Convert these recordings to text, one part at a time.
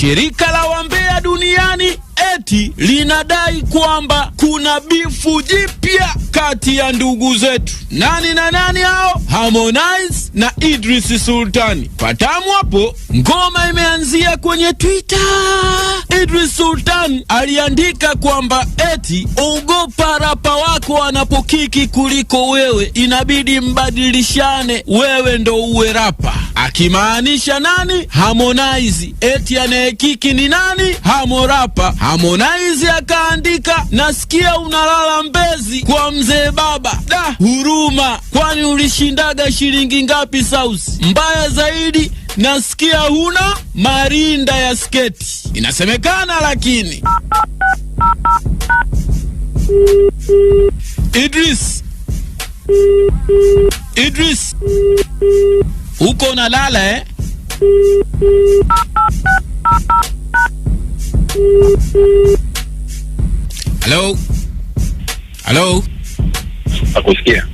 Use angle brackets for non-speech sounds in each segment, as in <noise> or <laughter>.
Shirika la wambea duniani eti linadai kwamba kuna bifu jipya kati ya ndugu zetu. Nani na nani hao? Harmonize na Idris Sultani. Patamu hapo, ngoma imeanzia kwenye Twitter. Idris Sultan aliandika kwamba eti ogopa rapa wako anapokiki kuliko wewe, inabidi mbadilishane, wewe ndo uwe rapa akimaanisha nani? Harmonize. Eti anayekiki ni nani? Hamorapa. Harmonize akaandika nasikia unalala Mbezi kwa mzee baba, da huruma, kwani ulishindaga shilingi ngapi sausi? Mbaya zaidi nasikia huna marinda ya sketi inasemekana, lakini Idris Idris huko unalala eh? Halo, halo, nakusikia.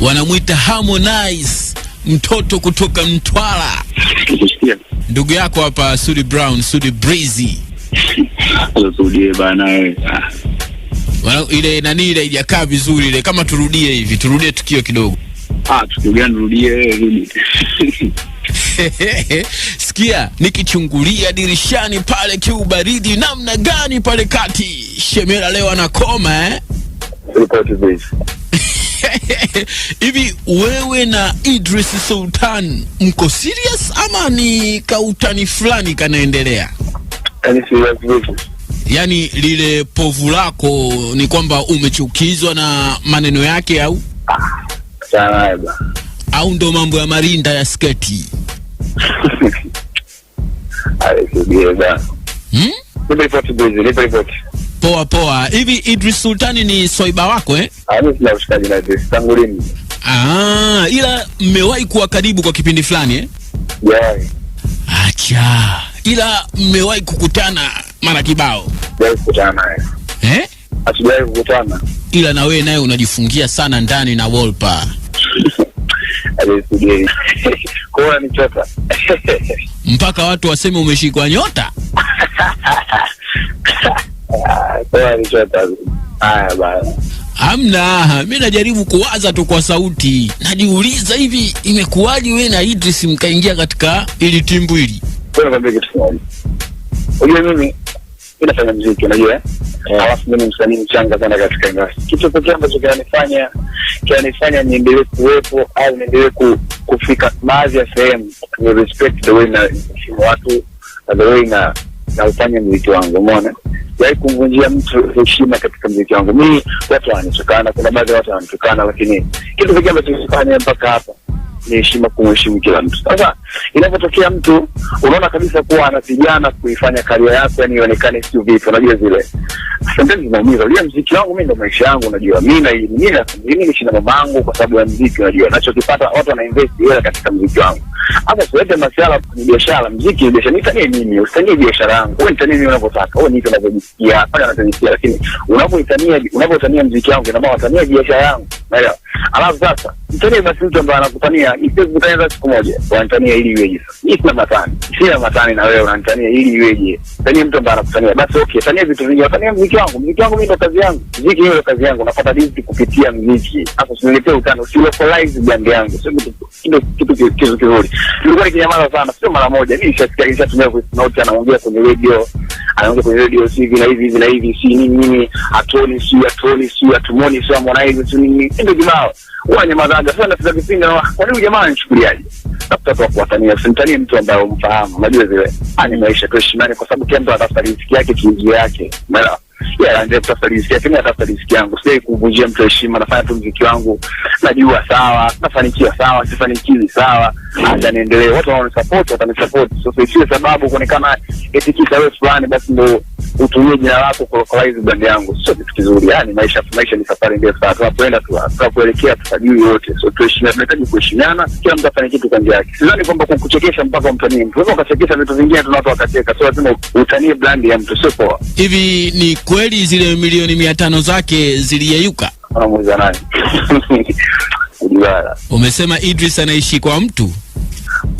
Wanamwita Harmonize, mtoto kutoka Mtwara. Nakusikia ndugu yako hapa, Sudi Brown, Sudi Breezy Tusudie bana eh. wewe ile nani ile ijakaa vizuri ile, kama turudie hivi, turudie tukio kidogo <laughs> Sikia nikichungulia dirishani pale, kiubaridi namna gani pale kati. Shemera leo anakoma eh? <laughs> wewe na Idris Sultan mko serious ama ni kautani fulani kanaendelea? yani yaani lile povu lako ni kwamba umechukizwa na maneno yake au? Ah, Taaraba au ndo mambo ya marinda ya sketi <laughs> hmm? Poa poa. Hivi Idris Sultani ni swaiba wako eh? Ah, ah, ila mmewahi kuwa karibu kwa kipindi fulani eh? Yeah. Acha. Ila mmewahi kukutana mara kibao eh? Ah, ila na wewe naye unajifungia sana ndani na Wolper mpaka watu waseme umeshikwa nyota. amna mi najaribu kuwaza tu kwa sauti, najiuliza hivi imekuwaji we na Idris mkaingia katika ili timbu hili. nafanya mziki, unajua alafu mi msanii mchanga sana katika industry, kitu pekee ambacho kinanifanya kinanifanya niendelee kuwepo au niendelee ku, kufika baadhi ya sehemu, ni respect the way na heshimu watu na the way na naufanya mziki wangu, umeona Sijawahi kumvunjia mtu heshima katika mziki wangu. Mimi watu wanatukana, kuna baadhi ya watu wanatukana, lakini kitu pekee ambacho kifanya mpaka hapa ni heshima, kumheshimu kila mtu. Sasa inapotokea mtu unaona kabisa kuwa anapigana kuifanya karia yako, yani ionekane sio vipi, unajua zile sometimes zinaumiza. Ule mziki wangu mimi ndo maisha yangu, unajua mimi na mimi na mimi nilishinda kwa sababu ya mziki, unajua nachokipata watu wana invest hela katika mziki wangu hata siweke masuala ni biashara, mziki ni biashara. Nitanie nini? Usitanie biashara yangu, wewe nitanie nini unavyotaka wewe, niite unavyojisikia pale unavyojisikia, lakini unavyotania unavyotania mziki wangu, ina maana utania biashara yangu, naelewa. Alafu sasa nitanie basi mtu ambaye anakutania, nisiwezi kutania hata siku moja, wanitania ili iweje? Sasa mimi sina matani, sina matani na wewe, unanitania ili iweje? Tania mtu ambaye anakutania, basi okay, tania vitu vingi, tania mziki wangu, mziki wangu mimi ndo kazi yangu, mziki hiyo ndo kazi yangu, napata riziki kupitia mziki. Hapo usiniletee utani, usilokalize jambo yangu, sio ndio kitu kizuri. Nilikuwa nikinyamaza sana, sio mara moja, mimi nishasikia tumia voice note, anaongea kwenye radio, anaongea kwenye radio, si hivi na hivi hivi na hivi, si nini nini, atuoni si atuoni si atumoni si amona hivi si nini, ndio jamaa huwa nyamazaga. sana na kipinga, na kwa nini jamaa anachukuliaje? Tafuta kwa kuwatania, simtanie mtu ambaye umfahamu, unajua zile ani maisha tu, heshimani, kwa sababu kila mtu anatafuta riziki yake, kiujio yake, umeelewa? yeah, ndio kutafuta riziki yangu, natafuta riziki yangu, sijai kuvunjia mtu heshima, nafanya tu mziki wangu, najua sawa, nafanikiwa sawa, sifanikiwi sawa, acha niendelee, watu wanaonisupport watanisupport. So isiwe sababu kuonekana eti kisa wewe fulani basi ndio utumie jina lako kulocalize brand yangu, sio kitu kizuri. Yani maisha maisha ni safari ndefu sana, tunapoenda tu, tunapoelekea tutajui yote. So tuheshimiana, tunahitaji kuheshimiana, kila mtu afanye kitu kwa njia yake. Sidhani kwamba kukuchekesha mpaka mtanii mtu, unaweza ukachekesha vitu vingine tu watu wakacheka, sio lazima utanie brand ya mtu, sio poa. Hivi ni kweli zile milioni mia tano zake ziliyeyuka? Anamuuliza nani? Kujibara. <laughs> Umesema Idris anaishi kwa mtu?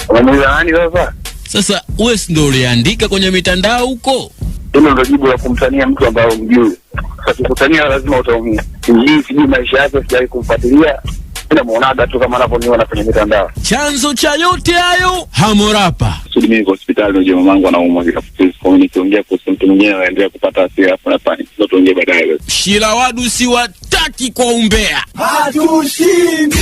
unamuuliza nani sasa? Sasa wewe ndio uliandika kwenye mitandao huko hilo ndo jibu la kumtania mtu ambaye umjui. Ukikutania lazima utaumia. Sijui sijui maisha yake, sijai kumfuatilia, ila tu kama anavyoniona kwenye mitandao. Chanzo cha yote hayo Hamorapa. Sudi mimi hospitali ndio mamangu anaumwa Kwa nikiongea kuhusu mtu mwingine anaendelea kupata hasira hapo na pale. Ndio tuongee baadaye. Shila wadu si wataki kwa umbea. Hatushindi.